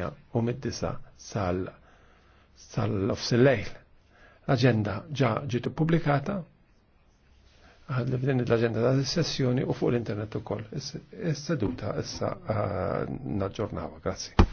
8 u mid-9 sal sal lejl L-agenda ġa ġitu publikata għad li l-agenda ta' sessjoni u fuq l-internet u koll. Is-seduta issa eh, naġġornawa. Grazzi.